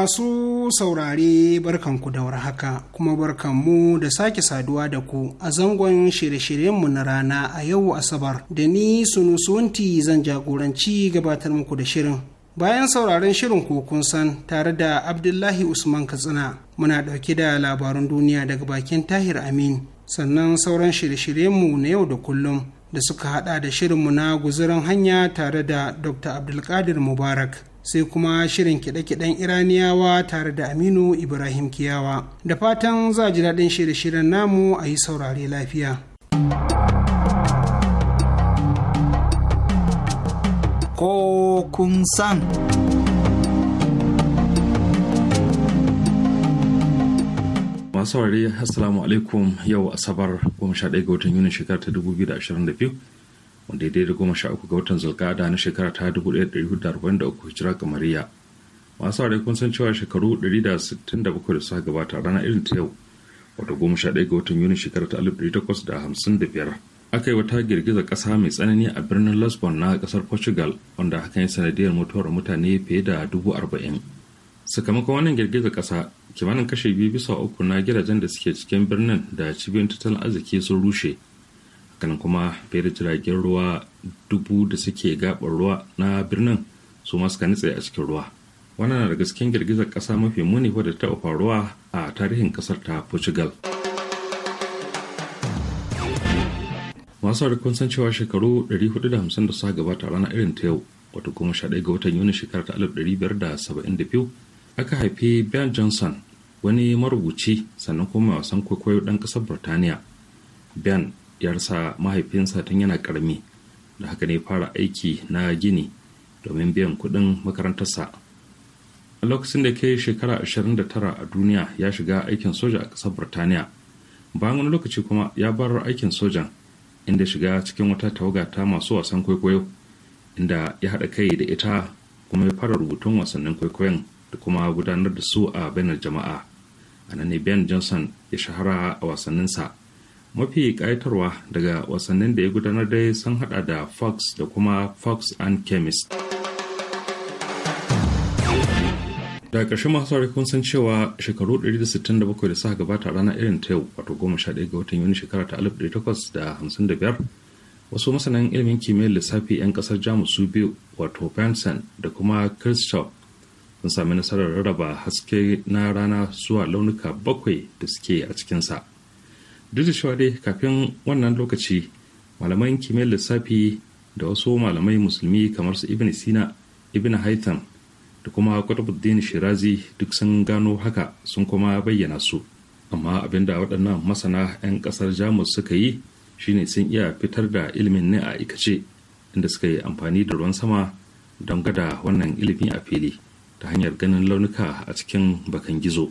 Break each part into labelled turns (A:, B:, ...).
A: Masu saurare barkanku da haka kuma barkanmu da sake saduwa da ku a zangon shirye-shiryenmu na rana a yau Asabar da ni sunusunti zan jagoranci gabatar muku da shirin. Bayan sauraron shirin kun san tare da Abdullahi Usman Katsina muna ɗauke da labarun duniya daga bakin Tahir Amin sannan sauran shirye-shiryenmu na yau da kullum da suka haɗa da shirinmu na guzuran hanya tare da Dr. Abdulkadir Mubarak. sai kuma shirin kiɗe-kiɗen iraniyawa tare da aminu ibrahim kiyawa da fatan za ji daɗin shirye-shiryen namu a yi saurare
B: lafiya ko kun san
C: masu saurare assalamu alaikum yau asabar 11 ga watan yunin shekarar ta 2022 wanda ya daidai goma sha uku ga watan zalgada na shekara ta dubu ɗaya ɗari hudu da arba'in da uku hijira kamariya masu aure kun san cewa shekaru ɗari da sittin da bakwai da suka gabata rana irin ta yau wata goma sha ɗaya ga watan yuni shekara ta alif ɗari takwas da hamsin da biyar aka yi wata girgiza ƙasa mai tsanani a birnin Lisbon na ƙasar Portugal wanda hakan ya sanadiyar mutuwar mutane fiye da dubu arba'in. Sakamakon wannan girgizar ƙasa kimanin kashe biyu bisa uku na gidajen da suke cikin birnin da cibiyar tattalin arziki sun rushe kan kuma fere jiragen ruwa dubu da suke gabar ruwa na birnin su masu suka a cikin ruwa wannan na da gasken girgizar kasa mafi muni wadda ta faruwa a tarihin kasar ta portugal masu kun san cewa shekaru 450 da suka gabata rana irin ta yau wato kuma 11 ga watan yuni shekarar ta 1572 aka haifi ben johnson wani marubuci sannan kuma wasan kwaikwayo dan kasar birtaniya ben yarsa mahaifinsa tun yana karami da haka ne fara aiki na gini domin biyan kuɗin makarantarsa a lokacin da ke shekara 29 a duniya ya shiga aikin soja a ƙasar burtaniya bayan wani lokaci kuma ya bar aikin sojan inda shiga cikin wata tawaga ta masu wasan kwaikwayo inda ya haɗa kai da ita kuma ya fara rubutun wasannin kwaikwayon da kuma gudanar da su a bainar jama'a a nan ne ben johnson ya shahara a wasanninsa mafi ƙayatarwa daga wasannin da ya gudanar dai sun hada da fox da kuma fox and chemist daga ƙarshe masu saurari kun san cewa shekaru 167 da suka gabata rana irin ta yau wato 11 ga watan yuni shekara ta 1855 wasu masanan ilimin kimiyyar lissafi 'yan kasar jamus su biyu wato benson da kuma christoph sun sami nasarar rarraba haske na rana zuwa launuka bakwai da suke a cikinsa duk da cewa dai kafin wannan lokaci malaman kimiyyar lissafi da wasu malamai musulmi kamar su ibn sina ibn haitham da kuma qutbuddin shirazi duk sun gano haka sun kuma bayyana su amma abinda waɗannan masana 'yan ƙasar jamus suka yi shine sun iya fitar da ilimin ne a aikace inda suka yi amfani da ruwan sama don gada wannan ilimi a fili ta hanyar ganin launuka a cikin bakan gizo.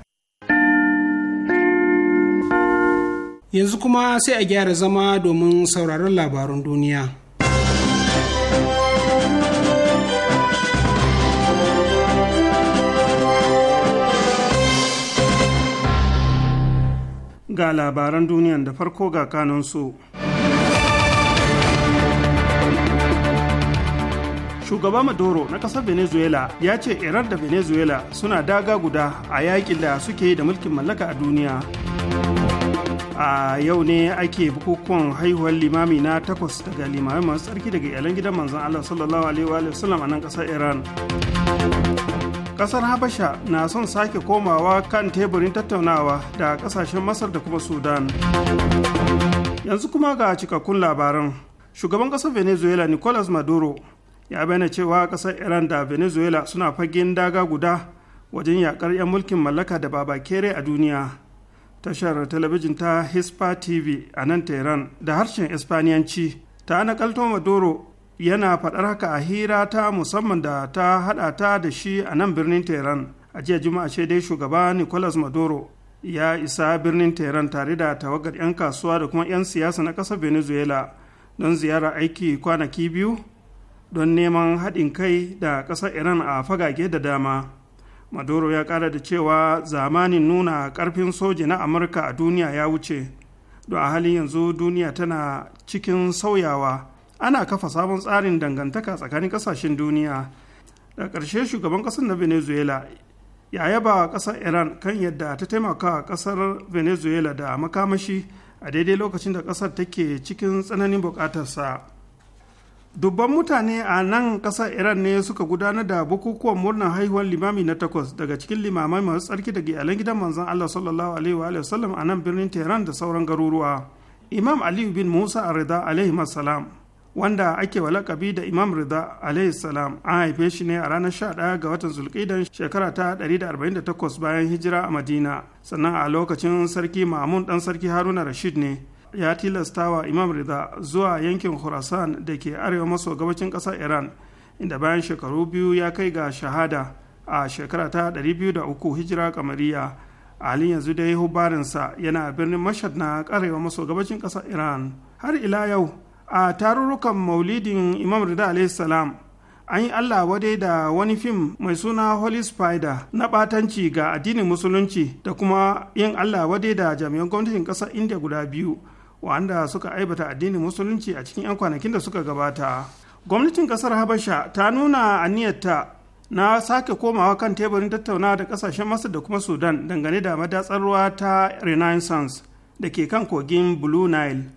A: yanzu kuma sai a gyara zama domin sauraron labarun duniya.
D: Ga labaran duniyan da farko ga kanunsu. shugaba maduro na ƙasar venezuela ya ce irar da venezuela suna daga guda a yakin da suke da mulkin mallaka a duniya a yau ne ake bukukuwan haihuwar limami na takwas daga limamai masu tsarki daga 'yalan gidan manzon Allah sallallahu alaihi wa sallam a nan kasar Iran. Kasar Habasha na son sake komawa kan teburin tattaunawa da kasashen Masar da kuma Sudan. Yanzu kuma ga cikakkun labaran. Shugaban kasar Venezuela Nicolas Maduro ya bayyana cewa kasar Iran da Venezuela suna fagen daga guda wajen yakar 'yan mulkin mallaka da babakere a duniya. tashar talabijin ta hispa tv a nan tehran da harshen ispaniyanci ta nakalto maduro yana faɗar haka a hira ta musamman da ta haɗa ta da shi a nan birnin tehran a jiya juma'a ce dai shugaba nicolas maduro ya isa birnin tehran tare da tawagar 'yan kasuwa da kuma 'yan siyasa na ƙasar venezuela don ziyara aiki kwanaki biyu don neman haɗin kai da ƙasar iran a fagage da dama maduro ya kara da cewa zamanin nuna karfin soja na amurka a duniya ya wuce don a halin yanzu duniya tana cikin sauyawa ana kafa sabon tsarin dangantaka tsakanin kasashen duniya da ƙarshe shugaban ƙasar na venezuela ya yaba ƙasar iran kan yadda ta taimaka ƙasar venezuela da makamashi a daidai lokacin da ƙasar take cikin tsananin buƙatarsa. dubban mutane a nan ƙasar iran ne suka gudanar da bukukuwan murnar haihuwar limami na takwas daga cikin limamai masu tsarki daga iyalan gidan manzon allah sallallahu alaihi wa sallam a nan birnin tehran da sauran garuruwa imam aliyu bin musa rida alaihi salam wanda ake wa lakabi da imam rida alaihi salam an haife shi ne a ranar 11 ga watan zulkidan shekara ta da 148 bayan hijira a madina sannan a lokacin sarki mamun dan sarki haruna rashid ne ya tilastawa imam rida zuwa yankin khurasan da ke arewa maso gabacin ƙasar iran inda bayan shekaru biyu ya kai ga shahada a shekara ta 203 hijira kamariya a halin yanzu dai hubarinsa yana birnin mashad na karewa maso gabacin ƙasar iran har ila yau a tarurrukan maulidin imam rida salam an yi allah wadai da wani fim mai suna holy spider na batanci ga addinin musulunci da kuma yin allah wadai da jami'an gwamnatin kasar india guda biyu wanda suka aibata addinin musulunci a cikin 'yan kwanakin da suka gabata gwamnatin kasar habasha ta nuna aniyarta na sake komawa kan teburin tattaunawa da kasashen masar da kuma sudan dangane da madatsar ruwa ta renaissance da ke kan kogin blue nile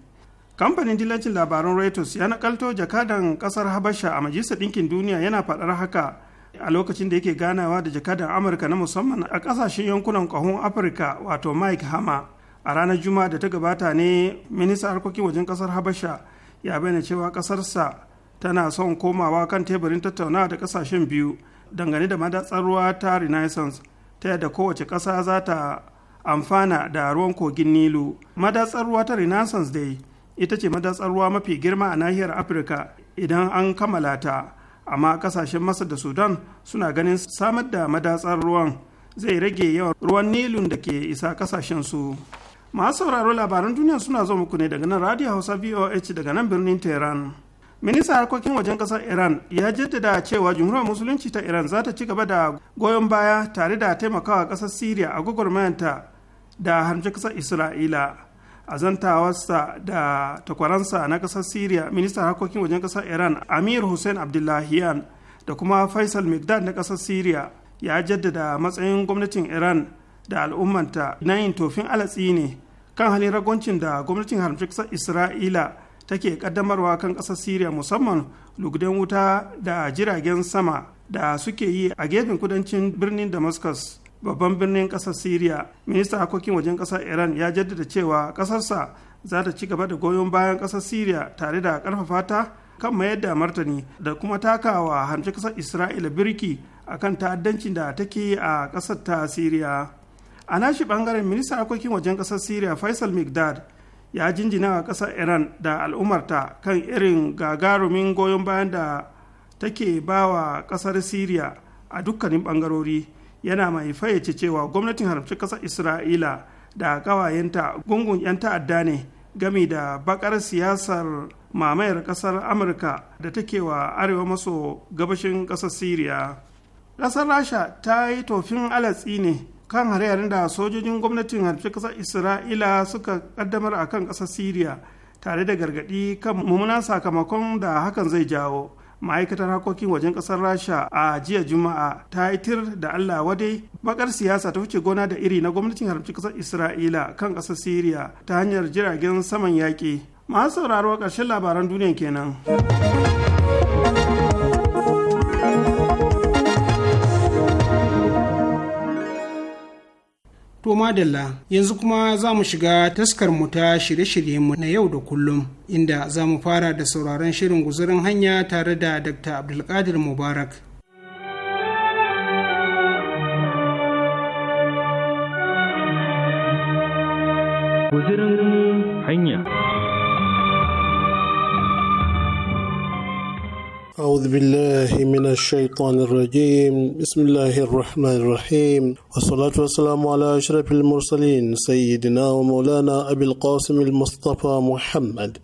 D: kamfanin dilancin labaran reuters ya nakalto jakadan kasar habasha a majalisar ɗinkin duniya yana faɗar haka a lokacin da yake ganawa da jakadan amurka na musamman a ƙasashen yankunan ƙahon afirka wato mike hama a ranar juma'a da ta gabata ne ministan harkokin wajen kasar habasha ya bayyana cewa kasarsa tana son komawa kan teburin tattaunawa da kasashen biyu dangane da madatsar ruwa ta renaissance ta yadda kowace kasa za ta amfana da ruwan kogin nilu madatsar ruwa ta renaissance dai ita ce madatsar ruwa mafi girma a nahiyar afirka idan an kammala ta amma kasashen masar da sudan suna ganin samar da madatsar ruwan zai rage yawan ruwan nilun da ke isa kasashen su masu sauraro labaran duniya suna zo muku ne daga nan radio hausa voh daga nan birnin tehran ministan harkokin wajen kasar iran ya jaddada cewa jumhuriyar musulunci ta iran za ta ci gaba da goyon baya tare da taimakawa kasar syria a gwagwarmayanta da harmce kasar isra'ila a zantawarsa da takwaransa na kasar syria ministan harkokin wajen kasar iran amir hussein abdullahian da kuma faisal migdad na kasar syria ya jaddada matsayin gwamnatin iran da al'ummanta na yin tofin alatsi ne kan halin ragoncin da gwamnatin haramci ƙasar isra'ila take kaddamarwa kan ƙasar syria musamman lugudan wuta da jiragen sama da suke yi a gefen kudancin birnin damascus babban birnin ƙasar syria minista harkokin wajen ƙasar iran ya jaddada cewa ƙasarsa za ta ci gaba da goyon bayan ƙasar syria tare da karfafa ta kan mayar da martani da kuma takawa haramci ƙasar isra'ila birki akan ta'addancin da take a ƙasar ta syria a nashi bangaren ministan harkokin wajen kasar syria faisal mcdad ya jinjina a kasar iran da al'ummarta kan irin gagarumin goyon bayan da take ba wa kasar syria a dukkanin bangarori yana mai fayyace cewa gwamnatin haramci kasar isra'ila da kawayenta gungun 'yan ta'adda ne gami da bakar siyasar mamayar kasar amurka da take wa arewa maso gabashin kasar syria kasar rasha ta yi tofin alatsi ne kan hare-haren da sojojin gwamnatin harfi kasar isra'ila suka kaddamar a kan kasar syria tare da gargadi kan mummunan sakamakon da hakan zai jawo ma'aikatar harkokin wajen kasar rasha a jiya juma'a ta itir da allah wadai bakar siyasa ta wuce gona da iri na gwamnatin harfi kasar isra'ila kan kasar syria ta hanyar jiragen saman yaƙi masu sauraro ƙarshen labaran duniya kenan.
A: To madalla yanzu kuma za mu shiga taskar mu ta shirye-shiryenmu na yau da kullum inda za mu fara da sauraron shirin guzurin hanya tare da Dr. Abdulkadir Mubarak.
E: Guzurin hanya. أعوذ بالله من الشيطان الرجيم بسم الله الرحمن الرحيم والصلاة والسلام على أشرف المرسلين سيدنا ومولانا أبي القاسم المصطفى محمد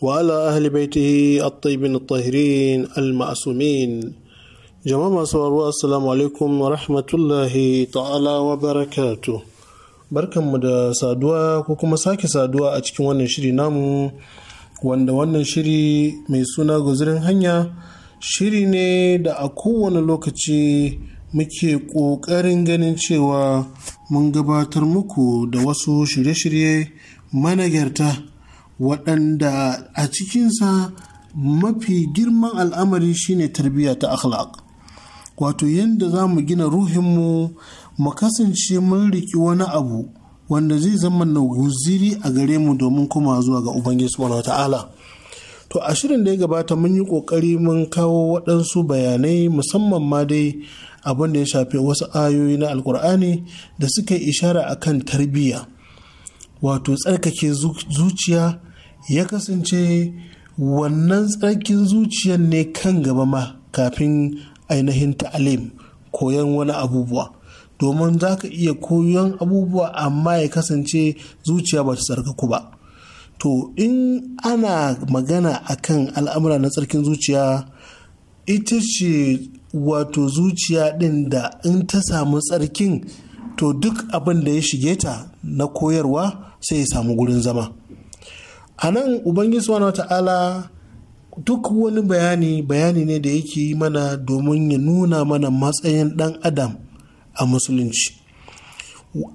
E: وعلى أهل بيته الطيبين الطاهرين المعصومين جماعة سوار السلام عليكم ورحمة الله تعالى وبركاته بركة مدى سادوا كوكما ساكي سادوا أتكي وانا شري نامو wanda wannan shiri mai suna guzurin hanya shiri ne da a kowane lokaci muke ƙoƙarin ganin cewa mun gabatar muku da wasu shirye-shirye managarta waɗanda a cikinsa mafi girman al'amari shine tarbiyya ta akhlaq wato yadda za mu gina ruhinmu mu kasance mun riki wani abu wanda zai zama na guziri a gare mu domin kuma zuwa ga ubangiji subhanahu ta'ala to a shirin da ya gabata mun yi kokari mun kawo waɗansu bayanai musamman ma dai abin da ya shafi wasu ayoyi na alkur'ani da suka yi ishara kan tarbiyya wato tsarkake zuciya ya kasance wannan tsarkin zuciyar ne kan gaba ma kafin ainihin ta'alim koyon wani abubuwa domin za ka iya koyon abubuwa amma ya kasance zuciya ba ta tsarkaku ba to in ana magana akan al'amura na tsarkin zuciya ita ce wato zuciya ɗin da in ta samu tsarkin to duk abin da ya shige ta na koyarwa sai ya samu gurin zama a nan ubangi wa ta'ala duk wani bayani bayani ne da yake yi mana domin ya nuna mana matsayin ɗan adam a musulunci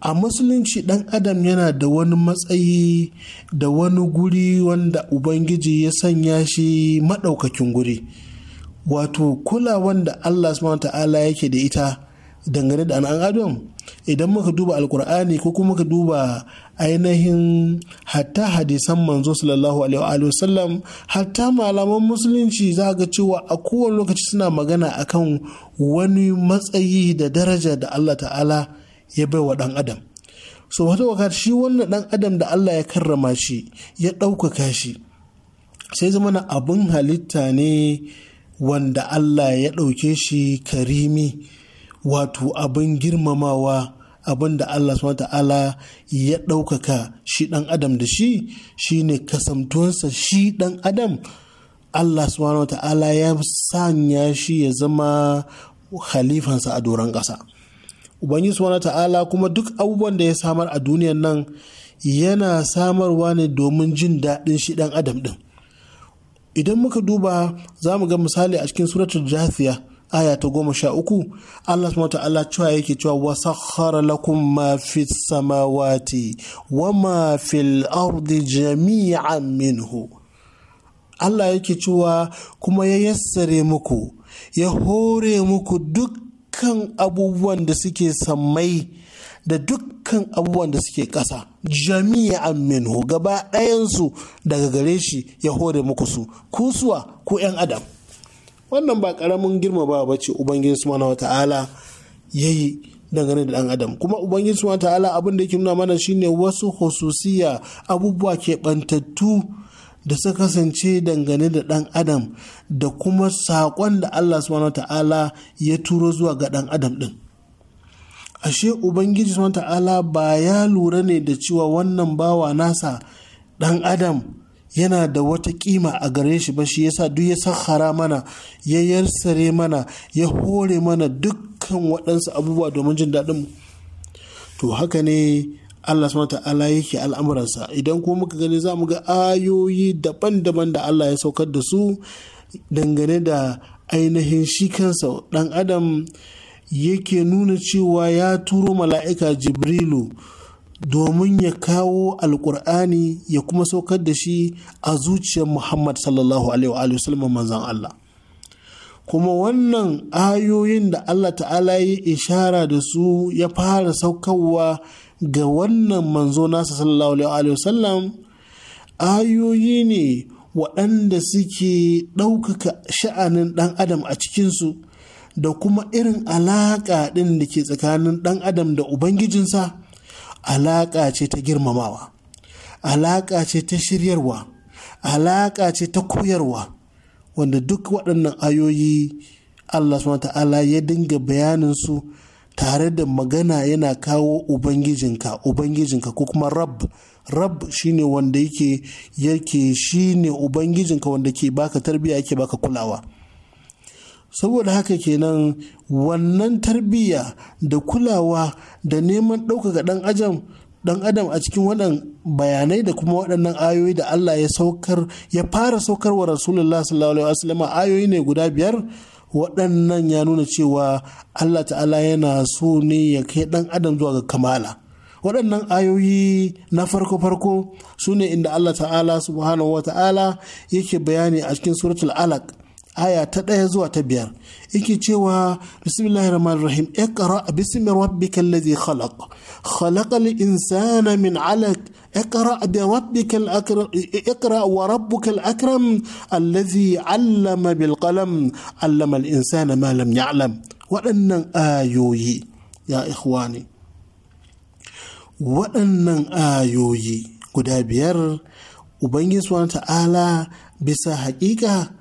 E: a musulunci ɗan adam yana da wani matsayi da wani guri wanda ubangiji ya sanya shi maɗaukakin guri wato kula wanda allah subhanahu ta'ala yake da ita dangane da an adam idan muka duba alkur'ani ko kuma muka duba ainihin hatta hadisan manzo sallallahu alaihi wa sallam hatta malaman musulunci za ga cewa a kowane lokaci suna magana akan wani matsayi da daraja da Allah ta'ala ya bai wa dan adam so wata waka shi wannan dan adam da Allah ya karrama shi ya ɗaukaka shi sai zama na abin halitta ne wanda Allah ya ɗauke shi karimi wato abin girmamawa abin da Allah subhanahu ta'ala ya ɗaukaka shi ɗan adam da shi shi ne kasamtuwansa shi ɗan adam Allah subhanahu ta'ala ya sanya shi ya zama khalifansa a doron ƙasa ubangiji subhanahu ta'ala kuma duk abubuwan da ya samar a duniyan nan yana samarwa ne domin jin daɗin shi ɗan adam ɗin idan muka duba za mu ga misali a cikin suratul jathiya aya ta goma sha uku Allah subhanahu ta'ala cewa yake cewa wa sakhara lakum ma fi samawati wa ma fil ardi jami'an minhu Allah yake cewa kuma ya yassare muku ya hore muku dukkan abubuwan da suke sammai da dukkan abubuwan da suke ƙasa jami'an minhu gaba ɗayansu daga gare shi ya hore muku su kusuwa ko 'yan adam wannan ba karamin girma ba ce ubangiji subhanahu wata'ala yi dangane da dan adam kuma ubangiji subhanahu wata'ala abin da yake nuna mana shine wasu hususiya abubuwa ke bantattu da suka kasance dangane da dan adam da kuma saƙon da Allah subhanahu wata'ala ya turo zuwa ga dan adam din ashe ubangiji subhanahu wata'ala ba ya lura ne da cewa wannan bawa nasa dan adam yana da wata kima a gare shi ba shi yasa duk ya sahara mana ya yarsare mana ya hore mana dukkan waɗansu abubuwa domin jin daɗin mu to haka ne Allah subhanahu ta'ala yake al'amuransa idan kuma muka gani za mu ga ayoyi daban-daban da Allah ya saukar da su dangane da ainihin shi kansa ɗan adam yake nuna cewa ya turo mala'ika jibrilu domin ya kawo alkur'ani ya kuma saukar da shi a zuciyar muhammad sallallahu alaihi wasallam manzan Allah kuma wannan ayoyin da Allah ta'ala ya ishara da su ya fara saukarwa ga wannan manzo nasa sallallahu alaihi wasallam ayoyi ne waɗanda suke ɗaukaka sha'anin ɗan adam a cikinsu da kuma irin alaƙa ɗin da ke tsakanin ɗan adam da ubangijinsa alaƙa ce ta girmamawa alaƙa ce ta shiryarwa alaƙa ce ta koyarwa wanda duk waɗannan ayoyi Allah subhanahu ta'ala ya dinga bayanin su tare da magana yana kawo ubangijinka ubangijinka ko kuma rab rab shine wanda yake yake shine ubangijinka wanda ke baka tarbiyya yake baka kulawa saboda haka kenan wannan tarbiyya da kulawa da neman ɗaukaka ɗan ajam ɗan adam a cikin waɗannan bayanai da kuma waɗannan ayoyi da Allah ya saukar ya fara saukar wa rasulullah sallallahu alaihi wasallam ayoyi ne guda biyar waɗannan ya nuna cewa Allah ta'ala yana so ne ya kai ɗan adam zuwa ga kamala waɗannan ayoyi na farko-farko su ne inda Allah ta'ala subhanahu wa ta'ala yake bayani a cikin suratul alaq aya ta ɗaya zuwa ta biyar yake cewa bismillahir rahmanir rahim iqra bismi rabbikal ladhi khalaq khalaqal insana min 'alaq iqra bi rabbikal akram iqra wa rabbukal akram alladhi 'allama bil qalam 'allama al insana ma lam ya'lam waɗannan ayoyi ya ikhwani waɗannan ayoyi guda biyar ubangiji subhanahu ta'ala bisa haƙiƙa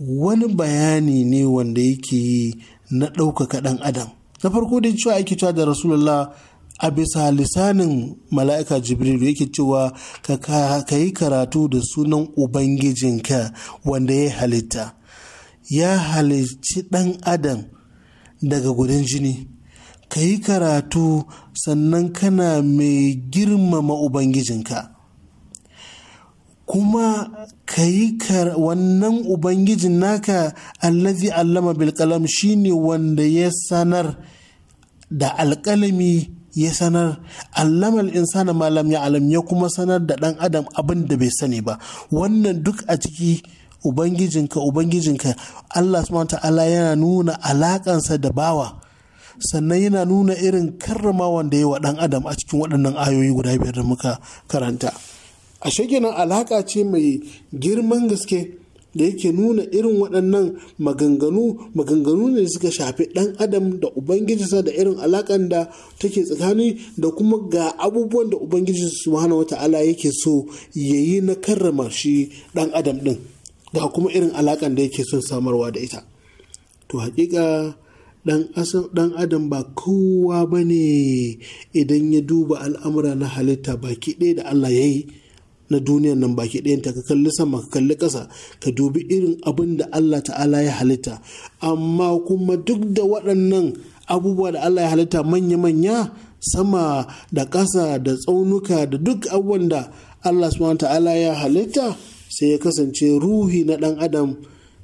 E: wani bayani ne wanda yake yi na ɗaukaka ɗan adam na farko dai cewa ake cewa da rasulullah a bisa lisanin mala'ika jibrilu yake cewa ka yi karatu da sunan ubangijinka wanda ya halitta ya halicci ɗan adam daga gudun jini ka yi karatu sannan kana mai girmama ubangijinka kuma ka yi wannan ubangijin naka allazi allama bilkalam shine wanda ya sanar da alkalami ya sanar allamal insana malam ya alam ya kuma sanar da dan adam abin da bai sani ba wannan duk a ciki ubangijinka ubangijinka allah subhanahu ta'ala yana nuna alakansa da bawa sannan yana nuna irin karrama wanda ya wa dan adam a cikin waɗannan ayoyi guda biyar da muka karanta ashe kenan alaka ce mai girman gaske da yake nuna irin waɗannan maganganu maganganu ne suka shafi ɗan adam da ubangijinsa da irin alaƙan da take tsakani da kuma ga abubuwan da ubangiji subhanahu wata'ala yake so ya yi na karrama shi ɗan adam ɗin ga kuma irin alaƙan da yake son samarwa da ita to hakika ɗan adam ba kowa ba ne idan ya duba al'amura na halitta baki ɗaya da allah ya yi na duniyan nan baki ɗayanta ka kalli sama ka kalli ƙasa ka dubi irin abin da Allah ta'ala ya halitta amma kuma duk da waɗannan abubuwa da Allah ya halitta manya-manya sama da ƙasa da tsaunuka da duk abubuwan da Allah subhanahu ta'ala ya halitta sai ya kasance ruhi na ɗan adam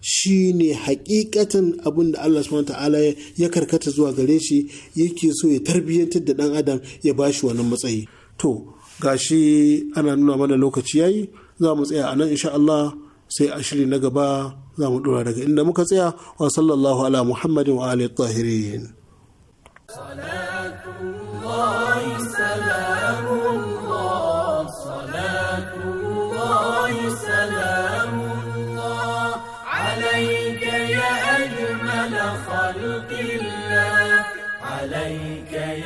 E: shi ne hakikatan abin da Allah subhanahu ta'ala ya karkata zuwa gare shi yake so ya tarbiyyantar da ɗan adam ya bashi wannan matsayi to gashi ana nuna mana lokaci yayi za mu tsaya anan insha Allah sai a shiri na gaba za mu dora daga inda muka tsaya wa sallallahu ala muhammadin wa alihi tahirin
F: عليك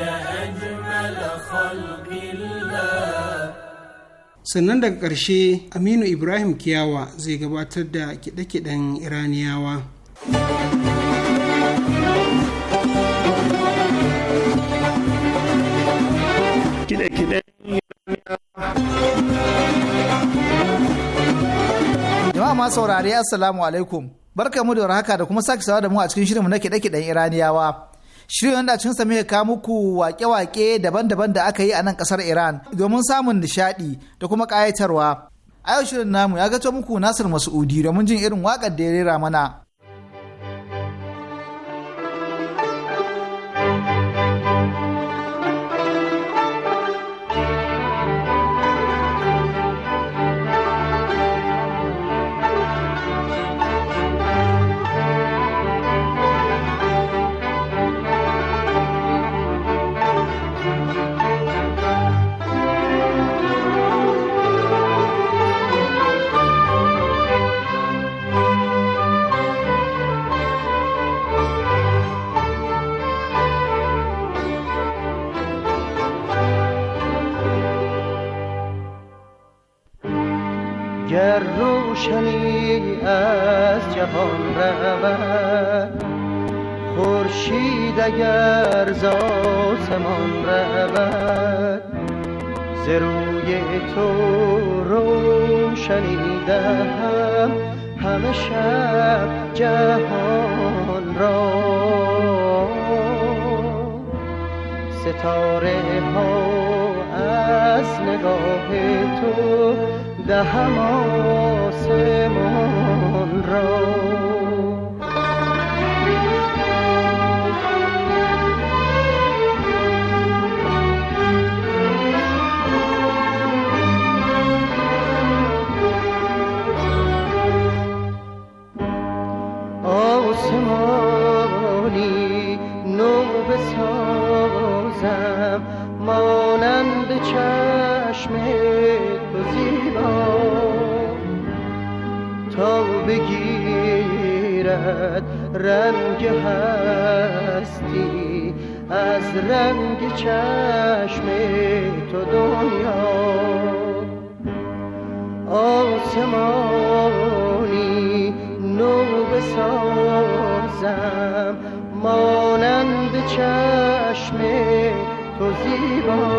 F: يا أجمل خلق الله
A: sannan daga ƙarshe aminu ibrahim kiyawa zai gabatar da kiɗe-kiɗen iraniyawa
B: jama'a ma saurari assalamu alaikum barka mu da haka da kuma sake sawa da mu a cikin shirinmu na kiɗe-kiɗen iraniyawa Shirin da cin sami ka muku wake-wake daban-daban da aka yi a nan kasar Iran domin samun nishadi da kuma kayatarwa. A yau shirin namu ya gato muku Nasir Mas'udi domin jin irin waƙar da ya rera mana.
G: اگر ز رود ز روی تو روشنی دهم همه شب جهان را ستاره ها از نگاه تو دهم آسمان را رنگ هستی از رنگ چشم تو دنیا آسمانی نو بسازم مانند چشم تو زیبا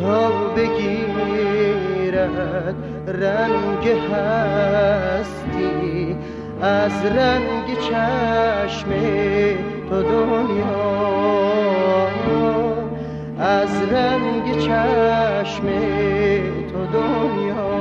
G: تا بگیرد رنگ هستی از رنگ چشم تو دنیا از رنگ چشم تو دنیا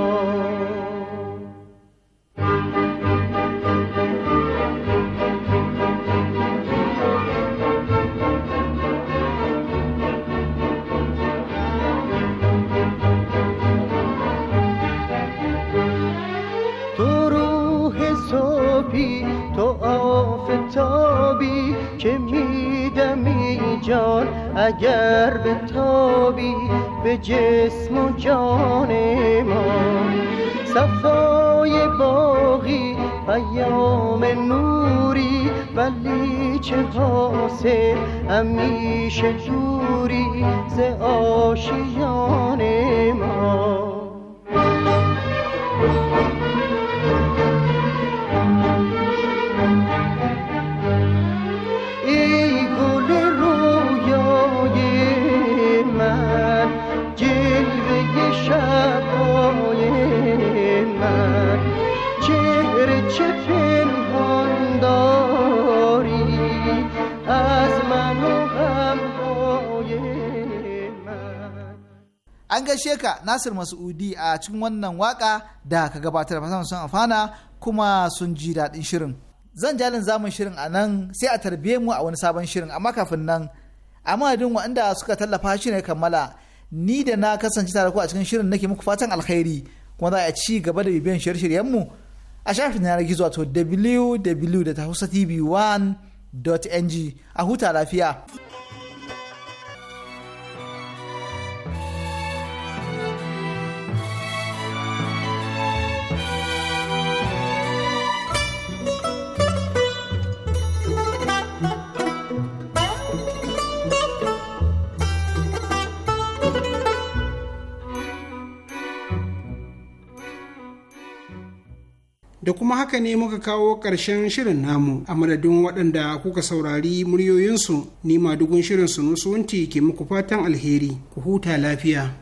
G: اگر به تابی به جسم و جان ما صفای باقی پیام نوری ولی چه حاصل همیشه جوری ز آشیان ما
B: an gaishe ka Nasir Masudi a cikin wannan waka da ka gabatar da sun amfana kuma sun ji daɗin shirin. Zan jalin zamun shirin a nan sai a tarbiye mu a wani sabon shirin amma kafin nan a madadin waɗanda suka tallafa shi ne kammala ni da na kasance tare ku a cikin shirin nake muku fatan alkhairi kuma za a ci gaba da bibiyan shirye mu a shafin yanar gizo wato www.hausatv1.ng a huta lafiya.
A: da kuma haka ne muka kawo ƙarshen shirin namu a madadin waɗanda kuka saurari muryoyinsu ni madugun shirin sunusunti ke muku fatan alheri ku huta lafiya